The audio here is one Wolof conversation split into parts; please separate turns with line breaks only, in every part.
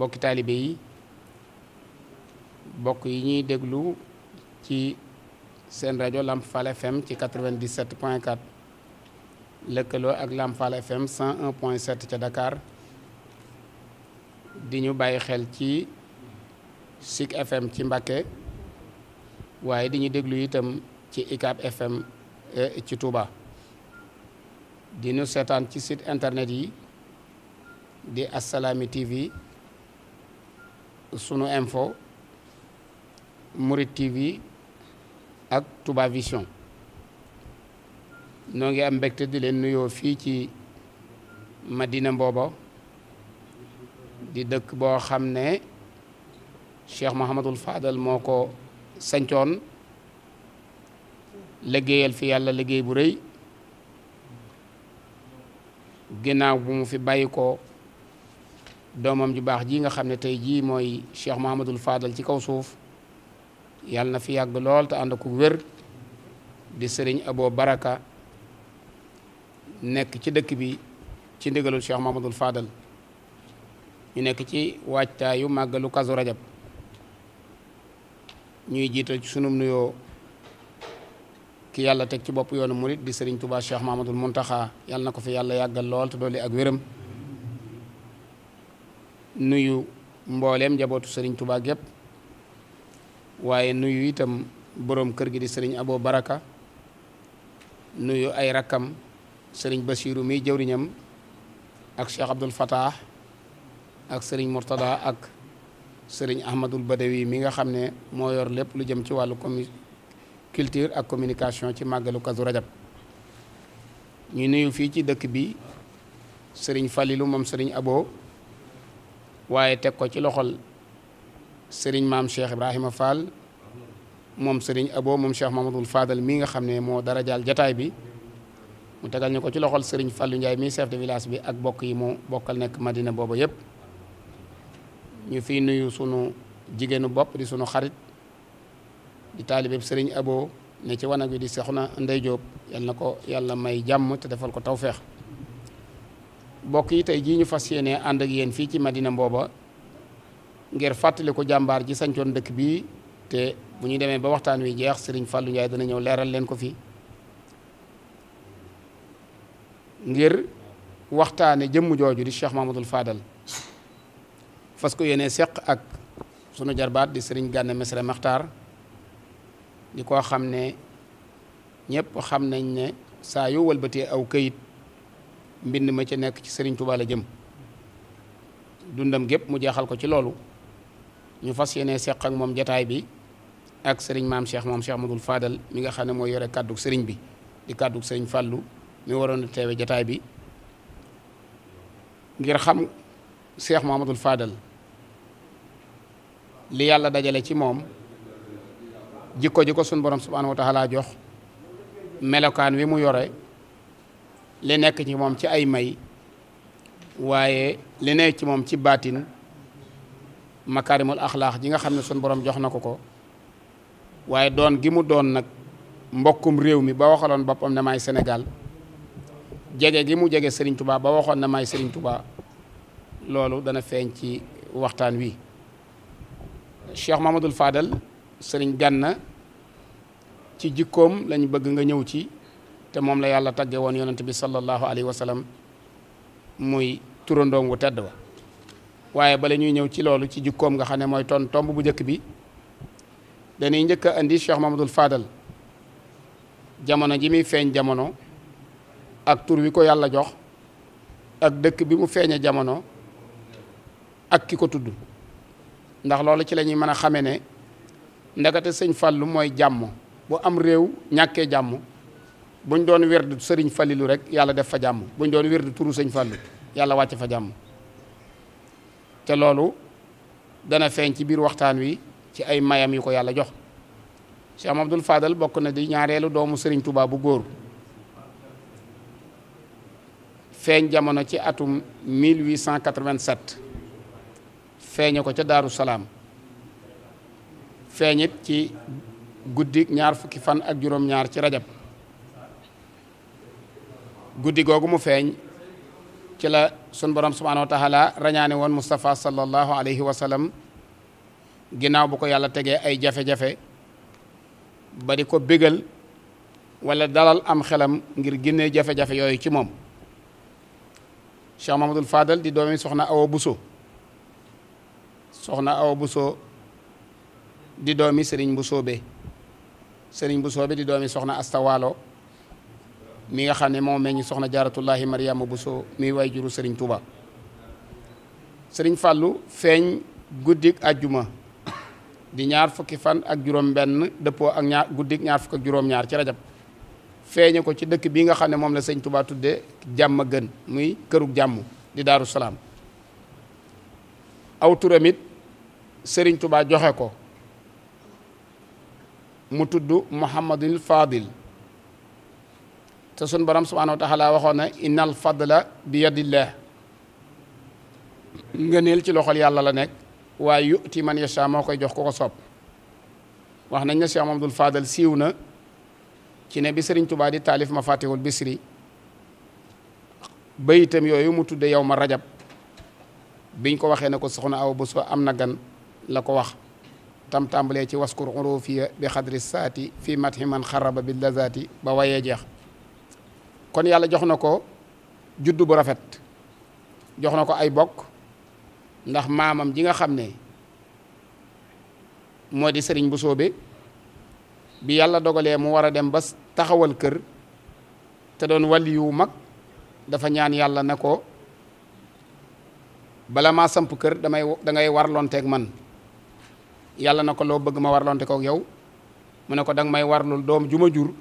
bokki taalibe yi bokk yi ñuy déglu ci seen rajo Lamp Fall FM ci 97 point lëkkaloo ak Lamp Fall FM ca Dakar di ñu bàyyi xel ci Sik FM ci Mbacké waaye di ñu déglu itam ci ICAP FM e, ci Touba di ñu seetaan ci site internet yi di Assalaamy TV sunu info Mouride TV ak Touba Vision noo ngi am mbégte di leen nuyoo fii ci Madina Mbooba di dëkk boo xam ne Cheikh Mouhamadul Fadal moo ko sancoon liggéeyal fi yàlla liggéey bu rëy ginnaaw bu mu fi bàyyi ko doomam ju baax ji nga xam ne tey jii mooy Cheikh Mouhamadul Fadal ci kaw suuf yàlla na fi yàgg lool te ànd ak wér di sëriñ aboo Baraka nekk ci dëkk bi ci ndigalul Cheikh Mouhamadul faadal ñu nekk ci waajtaayu màggalu Kazu Rajab ñuy jiital ci sunum nuyoo ki yàlla teg ci bopp yoonu murit di sëriñ Touba Cheikh Mouhamadul Mountakha yàlla na ko fi yàlla yàggal lool te doole ak wéram. nuyu mbooleem njabootu sëriñ Tuubaa gépp waaye nuyu itam boroom kër gi di sëriñ aboo Baraka nuyu ay rakkam sëriñ Basiiru miy jëwriñam ak Cheikh Abdul Fatah ak sëriñ Murtada ak sëriñ Ahmadul Badawi mi nga xam ne moo yor lépp lu jëm ci wàllu commu culture ak communication ci màggalu Kazu Rajab ñu nuyu fii ci dëkk bi sëriñ Falilu moom sëriñ Abo waaye teg ko ci loxol sëriñ maam Cheikh Ibrahima Fall moom sëriñ Abo moom Cheikh Mamadou Fadal mii nga xam ne moo dara jaal jataay bi mu tegal ñu ko ci loxol sëriñ fallu Ndiaye mii chef de village bi ak bokk yi mu bokkal nekk Madina booba yëpp ñu fi nuyu sunu jigéenu bopp di sunu xarit di taalibeeb sëriñ Abo ne ci wanag wi di Soxna Ndey Jóob yal na ko yàlla may jàmm te defal ko tawféex. mbokk yi tey jii ñu fas yéene ànd ak yéen fii ci Madina Mbooba ngir fàttali ko jàmbaar ji sancoon dëkk bi te bu ñu demee ba waxtaan wi jeex sëriñ Fallou Ndiaye dana ñëw leeral leen ko fi ngir waxtaane jëmm jooju di Cheikh Mahmadul Fadal fas ko yéene seq ak sunu jarbaat di sëriñ Gana Messere Maxtaar di ko xam ne ñëpp xam nañ ne saa yu walbatee aw kayit mbind ma ci nekk ci Serigne Touba jëm dundam gépp mu jeexal ko ci loolu ñu fas yéene seq ak moom jataay bi ak sëriñ maam Cheikh moom Cheikh Madul Fadal mi nga xam ne mooy yore kàddug Serigne bi di kàddug Serigne Fallou mi waroon a jataay bi ngir xam Cheikh Mamadul Fadal li yàlla dajale ci moom jikko ji ko sunu borom subhaanahu wa taala jox melokaan wi mu yore. li nekk ci moom ci ay may waaye li nekk ci moom ci baatin makaarimul axlaax ji nga xam ne suñ boroom jox na ko ko waaye doon gi mu doon nag mbokkum réew mi ba waxaloon boppam ne may senegal jege gi mu jege sëriñ tubaa ba waxoon ne may Serigne tubaa loolu dana feeñ ci waxtaan wi Cheikh Mamadou faadal sëriñ Ganna ci jikkoom lañu bëgg nga ñëw ci te moom la yàlla tagge woon yonent bi sallallahu alayhi wa sallam muy turandoom wu tedd wa waaye bala ñuy ñëw ci loolu ci jikkoom nga xam ne mooy ton tomb bu njëkk bi dañuy njëkk a indi Cheikh Mamadul Fadal jamono ji muy feeñ jamono ak tur wi ko yàlla jox ak dëkk bi mu feeñee jamono ak ki ko tudd ndax loolu ci lañuy ñuy mën a xamee ne ndakate sëñ Fàllu mooy jàmm bu am réew ñàkkee jàmm buñ doon werd sëriñ Falilu rek yàlla def fa jàmm buñ doon werd turu sëñ Fallu yàlla wàcc fa jàmm te loolu dana feeñ ci biir waxtaan wi ci ay mayam yu ko yàlla jox Cheikh Abdoul Fadal bokk na di ñaareelu doomu sëriñ Touba bu góor feeñ jamono ci atum 1887 feeñe ko ca Daaru Salaam feeñit ci guddi ñaar fukki fan ak juróom-ñaar ci rajab guddi googu mu feeñ ci la sun borom subhanahu wa taala rañaane woon Moustapha sallallahu alayhi wa sallam ginnaaw bu ko yàlla tegee ay jafe-jafe ba ko bégal walla dalal am xelam ngir génnee jafe-jafe yooyu ci moom Cheikh Mamadul Fadal di doomi soxna Awa Buso soxna Awa Buso di doomi Serigne Busoobe Serigne Busoobe di doomi soxna Astawaalo mi nga xam ne moom moo ñu soxna jaaratullahi Mariama Bousso mi way juru Serigne Touba Serigne Fallou feeñ guddik àjjuma di ñaar fukki fan ak juróom-benn dëppoo ak ñaar guddik ñaar fukk ak juróom-ñaar ci rajab feeñe ko ci dëkk bii nga xam ne moom la sëñ Touba tudde jàmm gën muy kërug jàmm di Daaru Salaam aw turamit sëriñ Serigne joxe ko mu tudd Mouhamadul Fadil. te sun borom subhanahu wa taala waxoon na innal fadla bi yadillah ngëneel ci loxol yàlla la nekk waaye yu'ti man yasha moo koy jox ku ko soob wax nañ ne Cheikh Mamadou Fadal siiw na ci ne bi Sëriñ Tuubaa di taalif ma fatihul bisri bayitam yooyu mu tudde yow ma rajab biñ ko waxee na ko soxna aw bu am na gan la ko wax tam tàmbalee ci waskur urufiya bi xadri saati fi mathi man xaraba bi lazaati ba wayee jeex kon yàlla jox na ko juddu bu rafet jox na ko ay bokk ndax maamam ji nga xam ne moo di sëriñ bu soobe bi yàlla dogalee mu war a dem ba taxawal kër te doon wàlli yu mag dafa ñaan yàlla na ko bala maa samp kër damay dangay warlonteeg man yàlla na ko loo bëgg ma warlonte kook yow mu ne ko danga may warlul doom juma jur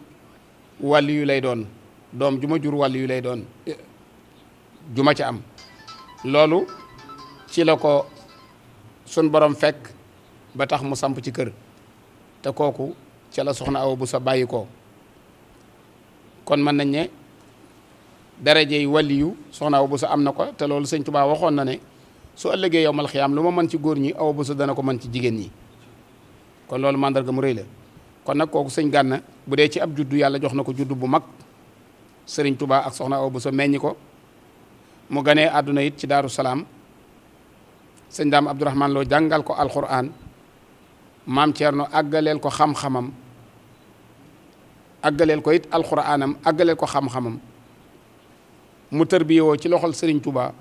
wàlli yu lay doon doom juma ma jur wàll yu lay doon juma ma ca am loolu ci la ko sun boroom fekk ba tax mu samp ci kër te kooku ca la soxna aw bu sa bàyyi ko kon mën nañ ne darajey waliyu soxna aw bu sa am na ko te loolu sëñ Tuubaa waxoon na ne su ëllëgee yow mal am lu ma mën ci góor ñi aw bu sa dana ko mën ci jigéen ñi kon loolu màndarga mu réy la kon nag kooku sëñ Gànna bu dee ci ab juddu yàlla jox na ko juddu bu mag sëriñ tubaa ak soxna Awa Bousso meññi ko mu ganee àdduna it ci daaru salaam sëñ daam Abdourahman loo jàngal ko alquran maam Thierno àggaleel ko xam-xamam àggaleel ko it alquranam àggaleel ko xam-xamam mu tërbiyewoo ci loxol sëriñ tubaa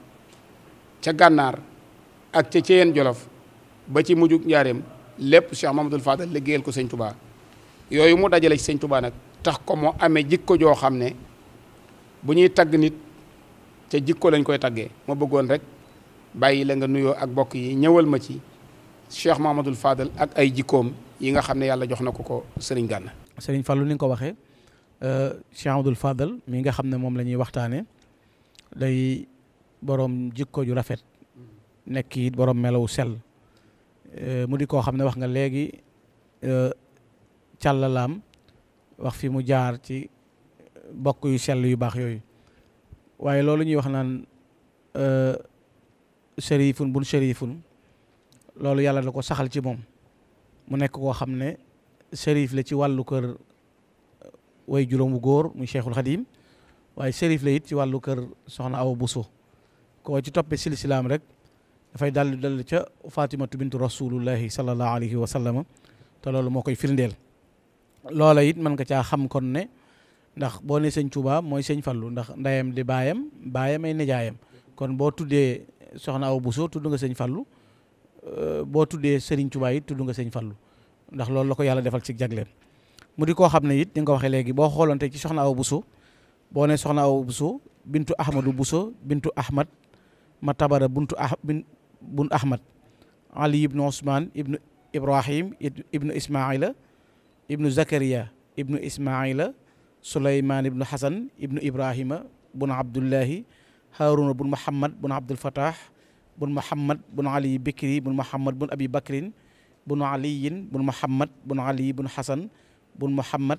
ca gànnaar ak ca Ceyeen Jolof ba ci mujjug njaareem lépp Cheikh Mamadou Fadal liggéeyal ko sëñ Touba yooyu mu dajale ci sëñ nag tax ko mu amee jikko joo xam ne. bu ñuy tagg nit ca jikko lañ koy taggee ma bëggoon rek bàyyi la nga nuyoo ak bokk yi ñëwal ma ci Cheikh Mahamadul faadal ak ay jikkoom yi nga xam ne yàlla jox na ko ko sëriñ gànna
sëriñ Fallou ni nga ko waxee euh, Cheikh Mahamadul Fadal mi nga xam ne moom la ñuy waxtaanee day boroom jikko ju rafet nekk it borom melawu sell euh, mu di koo xam ne wax nga léegi euh, càllalaam wax fi mu jaar ci. bokk yu sell yu baax yooyu waaye loolu ñuy wax naan euh, sërifun bun sërifun loolu yàlla da ko saxal ci moom mu nekk koo xam ne sërif la ci wàllu kër euh, way juróomu góor muy cheikhul xadim waaye sërif la it ci wàllu kër soxna awa buso koo ci toppe silsilaam rek dafay dallu dall ca fatimatu bintu rasulullahi sallallahu alayhi wa te loolu moo koy firndeel loola it mën nga caa xam kon ne ndax boo ne sëñ Touba mooy sëñ Fallu ndax ndeyam di baayam baayam ay nijaayam kon boo tuddee soxna Awa Bousso tudd nga sëñ Fallu euh, boo tuddee Serigne Touba it tudd nga sëñ Fallu ndax lool la ko yàlla defal ci jagleen mu di koo xam ne it di nga ko waxee léegi boo xooloon ci soxna Awa Bousso boo ne soxna Awa Bousso bintu Ahmadou Bousso bintu Ahmad ma tabara buntu ah bun Ahmad Ali ibnu Ousmane ibnu Ibrahim ibnu Ismaila ibnu Zakaria ibnu Ismaila suleymaan ibnu xasan ibnu ibrahima bun abdullahi haaruna bun muhammad bun abdul fatah bun muhammad bun ali bikri bun muhammad bun abi bakrin bun aliyin bun muhammad bun ali bun xasan bun muhammad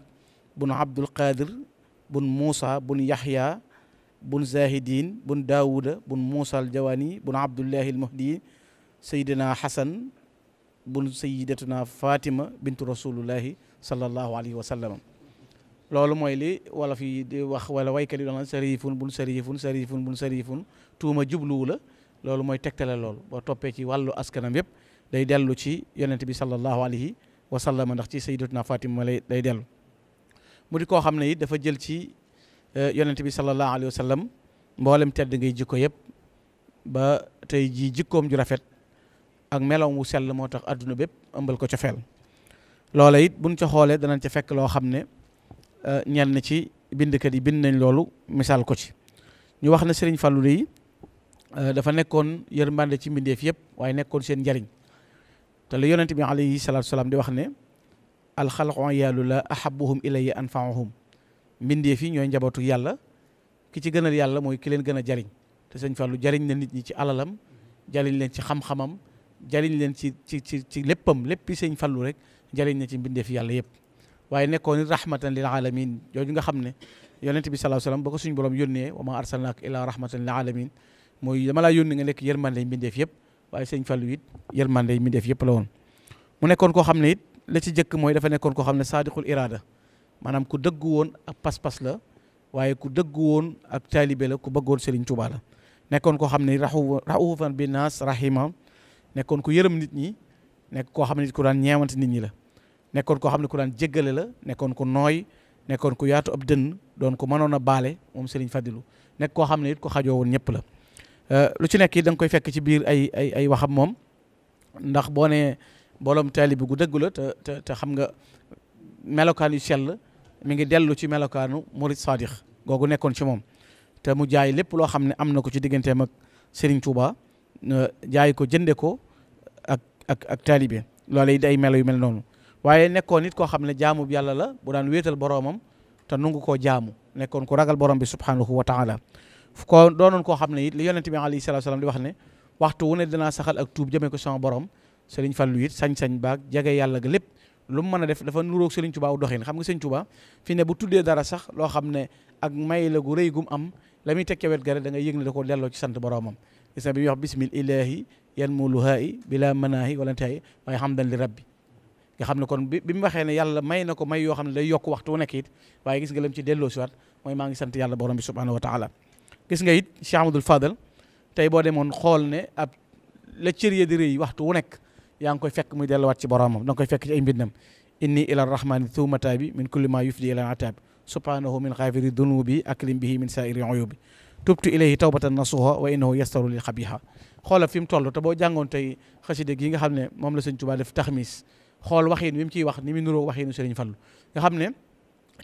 bun abdul qadir bun muusa bun yaxya bun zahidin bun daawuda bun muusa al jawani abdullahi al muhdi sayidina xasan bun sayidatuna fatima bintu rasulullahi sallallahu alayhi wa sallam loolu mooy li wolof yi di wax wala waykat yi bu sariyifun bun sariyifun sariyifun bun sariyifun tuuma jubluwu la loolu mooy tegtale lool boo toppee ci wàllu askanam yëpp day dellu ci yonent bi sallallahu alayhi wa sallam ndax ci sayyidatuna Fatima lay day dellu mu di koo xam ne it dafa jël ci eh, yonent bi sallallahu alayhi wa sallam mboolem tedd ngay jikko yëpp ba tey ji jikkoom ju rafet ak meloom wu sell moo tax adduna bépp ëmbal ko cofeel loola it buñ ca xoolee danañ fekk loo xam ne Euh, ñan na ci bindkat yi bind nañ loolu misaal ko ci ñu wax na sëriñ Fallou yi euh, dafa nekkoon yërmande ci mbindeef yëpp waaye nekkoon seen njariñ te la yonent bi alayhi salaatu salaam di wax ne alxalqu yaalu la ahabuhum ilayya anfaahum mbindeef yi ñooy njabootu yàlla ki ci gënal yàlla mooy ki leen gën a jariñ te sëñ Fallou jariñ na nit ñi ci alalam jariñ leen ci xam-xamam jariñ leen ci ci ci ci léppam léppi sëñ fallu rek jariñ na ci mbindeef yàlla yëpp waaye nekkoon it rahmatan lil alamin jooju nga xam ne yonent bi sallallahu alayhi wasallam ba ko suñu borom yónnee wa ma arsalnaaka illaa rahmatan lil alamin mooy dama laa yónni nga nekk yërmande mbindeef yëpp waaye sëñ Fallu it yërmande mbindeef yëpp la woon mu nekkoon koo xam ne it la ci jëkk mooy dafa nekkoon ko xam ne saadiqul iraada maanaam ku dëggu woon ak pas-pas la waaye ku dëggu woon ak taalibe la ku bëggoon Serigne Touba la nekkoon koo xam ne raxu raxuufan bi naas rahima nekkoon ku yërëm nit ñi nekk koo xam ne ku daan ñeewante nit ñi la nekkoon koo xam ne ku daan jéggale la nekkoon ku nooy nekkoon ku yaatu ab dënn doon ko mënoon a baale moom Serigne Fadilou nekk koo xam ne it ko xajoo woon ñëpp la euh, lu ci nekk it danga koy fekk ci biir ay ay ay waxam moom ndax boo nee mbooloom taalibe gu dëggu la te te xam nga melokaan yu sell mu ngi dellu ci melokaanu Murid Sadiq googu nekkoon ci moom te mu jaay lépp loo xam ne am na ko ci digganteem ak Serigne Touba euh, jaay ko jënde ko ak ak ak taalibe loolee melo yu mel noonu. waaye nekkoon nit koo xam ne jaamu yàlla la bu daan wéetal boroomam te nungu koo jaamu nekkoon ku ragal borom bi subhanahu wa taala ko doonoon koo xam ne it li yonent bi alayhi salaatu salaam di wax ne waxtu wu ne dinaa saxal ak tuub jëmee ko sama borom Serigne Fallou it sañ-sañ baak jege yàlla ga lépp lu mu mën a def dafa nuróog Serigne Touba aw doxin xam nga Serigne Touba fi ne bu tuddee dara sax loo xam ne ak may la gu rëy gum am la muy tekkee wet gare da ngay yëg ne da delloo ci sant boromam gis na bi muy wax bismil ilahi yan mu luhaayi bila manaahi wala tey waaye hamdan li rabbi nga xam kon bi bi mu waxee may na ko may yoo xam ne day yokk waxtu nekk it waaye gis nga lam ci delloo siwaat mooy maa ngi sant yàlla subhanahu wa gis nga it Cheikh Amadou Fadal tey boo demoon xool ne ab la cër ya di rëy waxtu wu nekk yaa ngi koy fekk muy delluwaat ci boromam da koy fekk ci ay mbindam inni ila rahmani thumataabi min kulli ma yufdi ila ataab subhanahu min xaafiri dunubi aklim bihi min sairi uyubi tubtu ilayhi tawbatan nasuha wa innahu yastaru lil xabiha xoolal fi mu toll te nga xam ne moom la sëñ Tuubaa def taxmis xool waxin wi mu ciy wax ni mu nuroo waxinu Sëriñ Fallu nga xam ne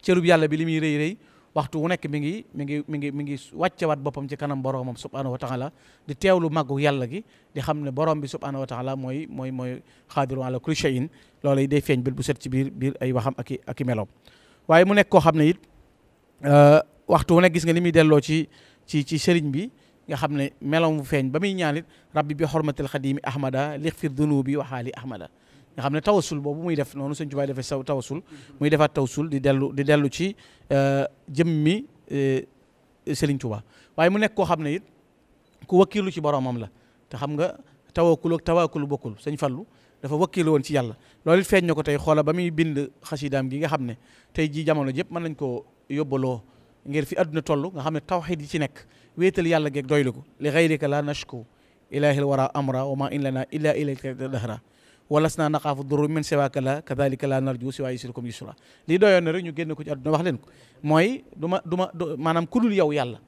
cërub yàlla bi li muy rëy rëy waxtu wu nekk mi ngi mi ngi mi ngi mi ngi wàccewaat boppam ci kanam boromam subhanahu wa taala di lu màggu yàlla gi di xam ne borom bi subhanahu wa taala mooy mooy mooy xaadiru ala kulli shay'in loolu yi day feeñ bil bu set ci biir biir ay waxam ak i ak i meloom waaye mu nekk koo xam ne it euh, waxtu wu nekk gis nga li muy delloo ci ci ci sëriñ bi nga xam ne meloom feeñ ba muy ñaanit rabbi bi xormatil xadimi ahmada lixfir dunubi waxaali ahmada nga xam ne tawasul boobu muy def noonu sëñ Tuubaa defee saw tawasul muy defaat suul di dellu di dellu ci euh, jëmmi euh, Sëriñ Tuubaa waaye mu nekk koo xam ne it ku wakkilu ci mam la te xam nga tawakkul ak tawakkul bokkul sëñ Fallu dafa wakkilu woon ci yàlla loolu it feeñ na ko tey xoola ba muy bind xasidaam gi nga xam ne tey jii jamono jëpp mën nañ koo yóbbaloo ngir fi àdduna toll nga xam ne tawxiid yi ci nekk wéetal yàlla geeg doylu ko li xayrika la n ilaahil wara amra wa ma in lana illa ilayka dahra walasnaa naqaafu durru min siwaaka la kadalika la narju siwaa yusrikum yusra lii doyoon na rek ñu génn ko ci àdduna wax ko mooy du ma du ma maanaam ku yow yàlla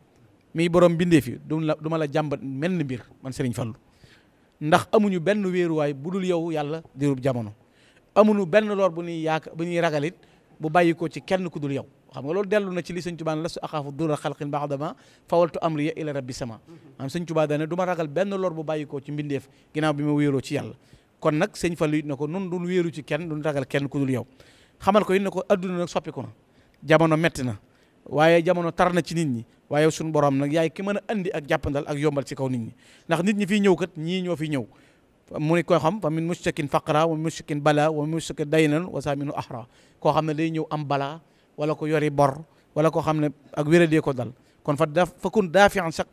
mii borom bindee fi du la du ma la jàmbat mel ni mbir man Serigne Fallou ndax amuñu benn wéeruwaay bu dul yow yàlla diirub jamono amuñu benn lor bu ñuy yaaka bu ñuy ragalit bu bàyyi ko ci kenn ku dul yow xam nga loolu dellu na ci li sëñ Tuubaa la su axaafu dura xalqin baxdama fawaltu amriya ila rabbi sama mhm. am sëñ Tuubaa dane du ma ragal benn lor bu bàyyi ko ci mbindeef ginnaaw bi ma wéeroo ci yàlla kon nag sëñ Fallou it na ko nun duñ wéeru ci kenn duñ ragal kenn ku dul yow xamal ko it ne ko adduna nag soppiku na jamono metti na waaye jamono tar na ci nit ñi waaye suñu borom nag yaay ki mën a andi ak jàppandal ak yombal ci kaw nit ñi ndax nit ñi fiy ñëw kat ñii ñoo fi ñëw mu ne koo xam fa min mustakin faqra wa mustakin bala wa mustakin daynan wa saminu ahra koo xam ne day ñëw am bala wala ko yori bor wala koo xam ne ak wéradee ko dal kon fa da fa kun daafian saq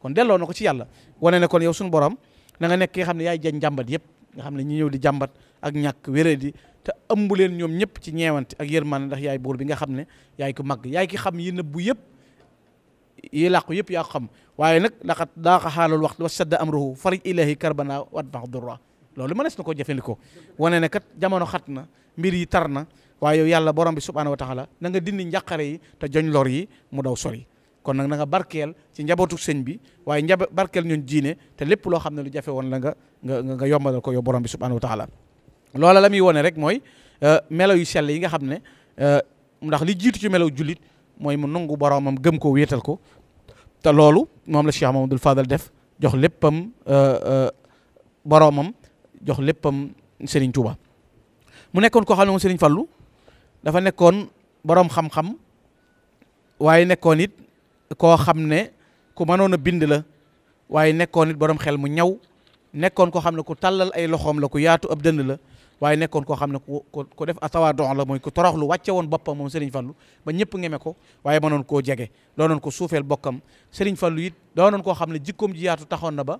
kon delloo na ko ci yàlla wane ne kon yow suñu borom na nga nekk ki nga xam ne yaay jañ jàmbat yëpp nga xam ne ñi ñëw di jàmbat ak ñàkk wéradi te ëmb leen ñoom ñëpp ci ñeewante ak na ndax yaay buur bi nga xam ne yaay ku màgg yaay ki xam yi nëbbu yëpp yi làqu yëpp yaa ko xam waaye nag laqat daaqa xaalul waxtu wa sadda amruhu farij ilahi karbana wat bax durra loolu mënees na ko jëfandikoo wane ne kat jamono xat na mbir yi tar na waaye yow yàlla borom bi subhanahu wa taala na nga dindi njàqare yi te joñ lor yi mu daw sori kon nag na nga barkeel ci njabootu sëñ bi waaye njab barkeel ñun jiine te lépp loo xam ne lu jafe woon la nga nga nga yombalal ko yow borom bi subhanahu wa taala loola la muy wone rek mooy euh, melaw yu sell yi nga xam ne euh, ndax li jiitu ci melaw jullit mooy mu nangu boromam gëm ko wéetal ko te loolu moom la Cheikh Mamadou Fadal def jox léppam euh, boromam jox léppam Serigne Touba mu nekkoon ko xam ne moom Serigne Fallou dafa nekkoon boroom xam-xam waaye nekkoon it koo xam ne ku mënoon a bind la waaye nekkoon it borom xel mu ñaw nekkoon koo xam ne ku tàllal ay loxoom la ku yaatu ab dënd la waaye nekkoon koo xam ne ku ku def atawaa don la mooy ku toroxlu wàcce woon boppam moom Serigne Fallou ba ñëpp ngeme ko waaye mënoon koo jege doonoon ko suufeel bokkam Serigne Fallou it doonoon koo xam ne jikkoom ji yaatu taxoon na ba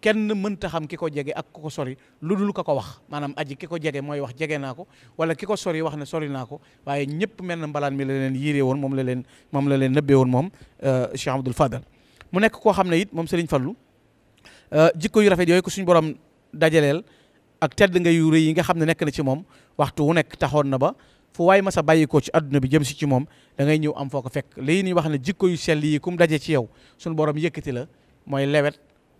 kenn mënta xam ki ko jege ak ku ko sori lu dul ka ko wax maanaam aji ki ko jege mooy wax jege naa ko wala ki ko sori wax na sori naa ko waaye ñëpp mel na mbalaan mi la leen yiiree woon moom la leen moom la leen nëbbee woon moom euh, Cheikh Abdoul Fadal mu nekk koo xam ne it moom Serigne Fallou euh, jikko yu rafet yooyu ko suñu borom dajaleel ak tedd nga yu rëy yi nga xam ne nekk na ci moom waxtu wu nekk taxoon na ba fu waay sa bàyyi ko ci adduna bi jëm si ci moom da ngay ñëw am foo ko fekk lii ñuy wax ne jikko yu sell yi kum daje ci yow suñu borom yëkkati la mooy lewet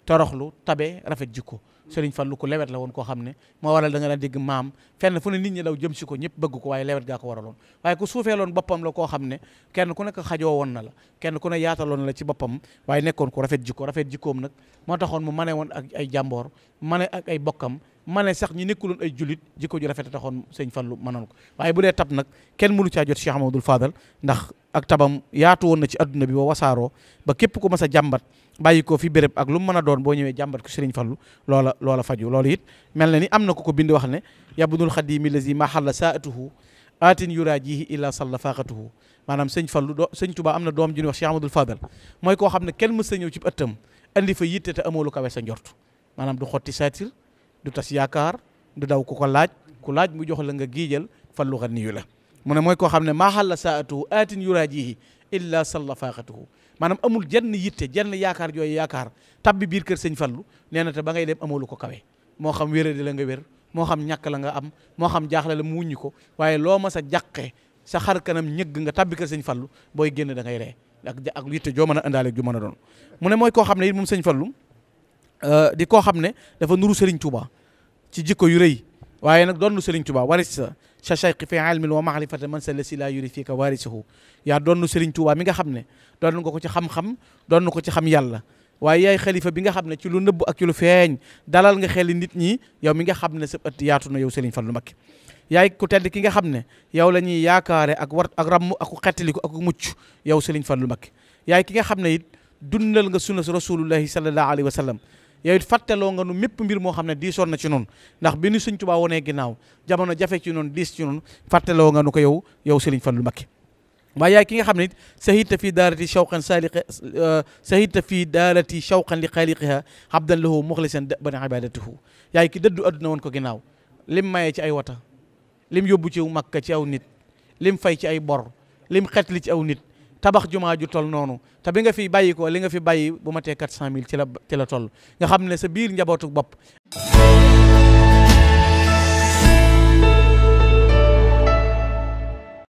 toroxlu tabe rafet jikko Sëriñ Fallu ku lewet la woon koo xam ne moo waral da nga daan maam fenn fu ne nit ñi daw jëm si ko ñëpp bëgg ko waaye lewet gaa ko waraloon waaye ku suufeeloon boppam la koo xam ne kenn ku nekk xajoo woon na la kenn ku ne yaataloon la ci boppam waaye nekkoon ku rafet jikko rafet jikkoom nag moo taxoon mu mane woon ak ay jàmboor mane ak ay bokkam ma ne sax ñu nekkuloon ay jullit jikko ju rafet taxoon sëñ Fallu mënoon ko waaye bu dee tab nag kenn mënu caa jot Cheikh Amadou Fadal ndax ak tabam yaatu na ci adduna bi ba wasaaroo ba képp ku mas a jàmbat bàyyi ko fi béréb ak lu mu mën a doon boo ñëwee jàmbat ko Sëriñ Fallu loola loola faju loolu it mel na ni am na ko ko bind wax ne yabnul xadimi lazi ma xalla saatuhu aatin yuraajihi illa salla faaqatuhu maanaam sëñ Fallu do sëñ Tuubaa am na doom ju ñuy wax Cheikh Amadou mooy koo xam ne kenn mës a ñëw ci ëttam fa yitte te amoolu kawe sa njort maanaam du xotti saatir du tas yaakaar du daw ku ko laaj ku laaj mu jox la nga giijal fallu xaniyu la mu ne mooy koo xam ne maa xalla saatuhu aatin yuraajihi illa salla faaqatuhu maanaam amul jenn yitte jenn yaakaar jooy yaakaar tabbi biir kër sëñ fallu nee na te ba ngay dem amalu ko kawe moo xam wéradi la nga wér moo xam ñàkk la nga am moo xam jaaxle la mu wuññi ko waaye loo ma sa jàqe sa xar kanam ñëgg nga tabbi kër sëñ fallu booy génn da ngay ree ak ak yitte joo mën a indaale ju mën a doon mu Euh, di koo xam ne dafa nuru Serigne Touba ci jikko yu rëy waaye nag doon nu Serigne Touba waris sa cheikh fi ilmin wa maarifata man sa la si la yuri fii ka waarisuhu yaa doon nu Serigne Touba mi nga xam ne doon nga ko ci xam-xam doon na ko ci xam yàlla waaye yaay xalifa bi nga xam ne ci lu nëbb ak kilo lu feeñ dalal nga xeli nit ñi yow mi nga xam ne sa ëtt yaatu na yow fan lu Mbacké yaay ku tedd ki nga xam ne yow la ñuy yaakaare ak war ak ràmm ak xettaliku ak mucc yow Serigne Fallou Mbacké yaay ki nga xam ne it dundal nga sunna rasulullahi sallallahu alayhi wa sallam yow it fàtteloo nga nu mépp mbir moo xam ne diisoon na ci noonu ndax bi nu Sëñ Tuubaa wonee ginnaaw jamono jafe ci noonu diis ci noonu fàtteloo nga nu ko yow yow Sëriñ lu Mbakke waaye yaay ki nga xam ne it sahita fii daarati shawqan saaliqa euh, sahita fii daarati shawqan li xaaliqiha abdan lahu muxlisan bani ibadatuhu yaay ki dëddu adduna woon ko ginnaaw lim maye ci ay wata lim yóbbu ci makka ci aw nit lim fay ci ay bor lim xetli ci aw nit tabax jumaa ju tol noonu te bi nga fi bàyyi ko li nga fi bàyyi bu ma tee 400000 ci la ci la toll nga xam ne sa biir njabootu bopp.